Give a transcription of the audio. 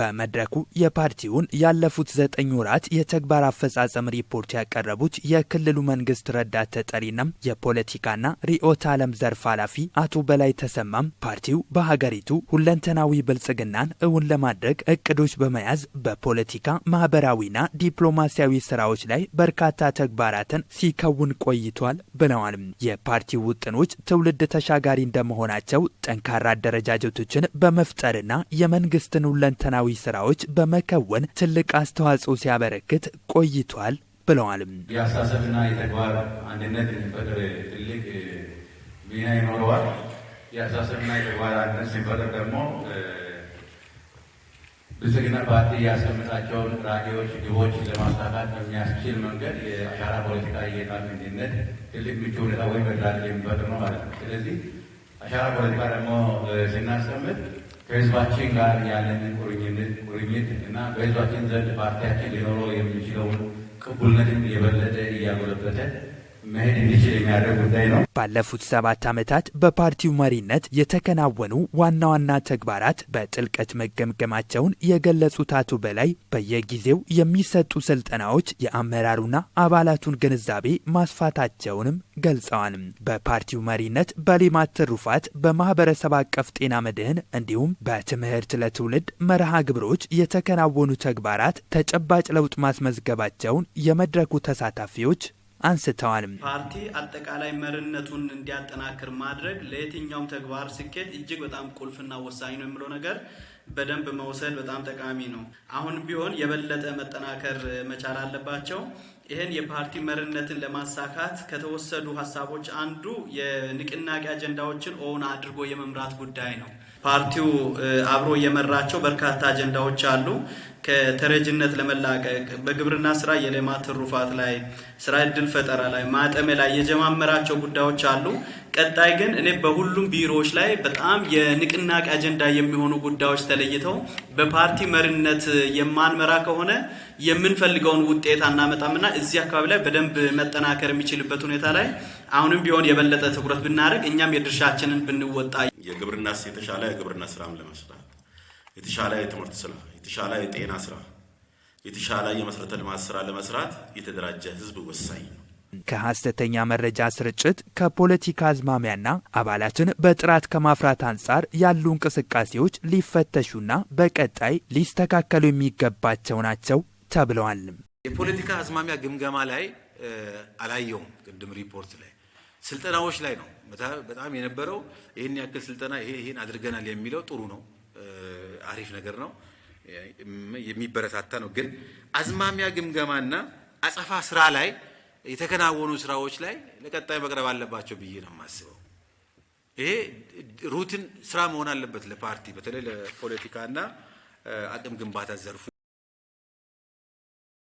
በመድረኩ የፓርቲውን ያለፉት ዘጠኝ ወራት የተግባር አፈጻጸም ሪፖርት ያቀረቡት የክልሉ መንግስት ረዳት ተጠሪና የፖለቲካና ርዕዮተ ዓለም ዘርፍ ኃላፊ አቶ በላይ ተሰማም ፓርቲው በሀገሪቱ ሁለንተናዊ ብልጽግናን እውን ለማድረግ እቅዶች በመያዝ በፖለቲካ ማህበራዊና ዲፕሎማሲያዊ ስራዎች ላይ በርካታ ተግባራትን ሲከውን ቆይቷል ብለዋል። የፓርቲው ውጥኖች ትውልድ ተሻጋሪ እንደመሆናቸው ጠንካራ አደረጃጀቶችን በመፍጠርና የመንግስትን ሁለንተናዊ ሰብአዊ ስራዎች በመከወን ትልቅ አስተዋጽኦ ሲያበረክት ቆይቷል ብለዋል። የአስተሳሰብና የተግባር አንድነት የሚፈጥር ትልቅ ሚና ይኖረዋል። የአስተሳሰብና የተግባር አንድነት ሲፈጥር ደግሞ ብልጽግና ፓርቲ ያስቀምጣቸውን ራዕዮች፣ ግቦች ለማሳካት በሚያስችል መንገድ የአሻራ ፖለቲካ የጣል ምንድነት ትልቅ ምቹ ሁኔታ ወይም በድራል የሚፈጥር ነው ማለት ነው። ስለዚህ አሻራ ፖለቲካ ደግሞ ስናስቀምጥ ከህዝባችን ጋር ያለንን ቁርኝነት ቁርኝት እና በህዝባችን ዘንድ ፓርቲያችን ሊኖረው የሚችለውን ቅቡልነትን የበለጠ እያጎለበተ መሄድ እንዲችል የሚያደርግ ጉዳይ ነው። ባለፉት ሰባት ዓመታት በፓርቲው መሪነት የተከናወኑ ዋና ዋና ተግባራት በጥልቀት መገምገማቸውን የገለጹት አቶ በላይ በየጊዜው የሚሰጡ ስልጠናዎች የአመራሩና አባላቱን ግንዛቤ ማስፋታቸውንም ገልጸዋል። በፓርቲው መሪነት በሌማት ትሩፋት፣ በማህበረሰብ አቀፍ ጤና መድህን እንዲሁም በትምህርት ለትውልድ መርሃ ግብሮች የተከናወኑ ተግባራት ተጨባጭ ለውጥ ማስመዝገባቸውን የመድረኩ ተሳታፊዎች አንስተዋል። ፓርቲ አጠቃላይ መሪነቱን እንዲያጠናክር ማድረግ ለየትኛውም ተግባር ስኬት እጅግ በጣም ቁልፍና ወሳኝ ነው የሚለው ነገር በደንብ መውሰድ በጣም ጠቃሚ ነው። አሁን ቢሆን የበለጠ መጠናከር መቻል አለባቸው። ይህን የፓርቲ መሪነትን ለማሳካት ከተወሰዱ ሀሳቦች አንዱ የንቅናቄ አጀንዳዎችን ኦውን አድርጎ የመምራት ጉዳይ ነው። ፓርቲው አብሮ የመራቸው በርካታ አጀንዳዎች አሉ። ከተረጅነት ለመላቀቅ በግብርና ስራ የልማት ትሩፋት ላይ ስራ እድል ፈጠራ ላይ ማጠመ ላይ የጀማመራቸው ጉዳዮች አሉ። ቀጣይ ግን እኔ በሁሉም ቢሮዎች ላይ በጣም የንቅናቄ አጀንዳ የሚሆኑ ጉዳዮች ተለይተው በፓርቲ መሪነት የማንመራ ከሆነ የምንፈልገውን ውጤት አናመጣምና እዚህ አካባቢ ላይ በደንብ መጠናከር የሚችልበት ሁኔታ ላይ አሁንም ቢሆን የበለጠ ትኩረት ብናደርግ እኛም የድርሻችንን ብንወጣ የግብርና የተሻለ የግብርና ስራም ለመስራት የተሻለ የትምህርት ስራ የተሻለ የጤና ስራ፣ የተሻለ የመሰረተ ልማት ስራ ለመስራት የተደራጀ ህዝብ ወሳኝ ነው። ከሐሰተኛ መረጃ ስርጭት ከፖለቲካ አዝማሚያና አባላትን በጥራት ከማፍራት አንጻር ያሉ እንቅስቃሴዎች ሊፈተሹና በቀጣይ ሊስተካከሉ የሚገባቸው ናቸው ተብለዋል። የፖለቲካ አዝማሚያ ግምገማ ላይ አላየውም። ቅድም ሪፖርት ላይ ስልጠናዎች ላይ ነው በጣም የነበረው። ይህን ያክል ስልጠና ይህን አድርገናል የሚለው ጥሩ ነው፣ አሪፍ ነገር ነው። የሚበረታታ ነው። ግን አዝማሚያ ግምገማና አጸፋ ስራ ላይ የተከናወኑ ስራዎች ላይ ለቀጣይ መቅረብ አለባቸው ብዬ ነው የማስበው። ይሄ ሩትን ስራ መሆን አለበት ለፓርቲ በተለይ ለፖለቲካና አቅም ግንባታ ዘርፉ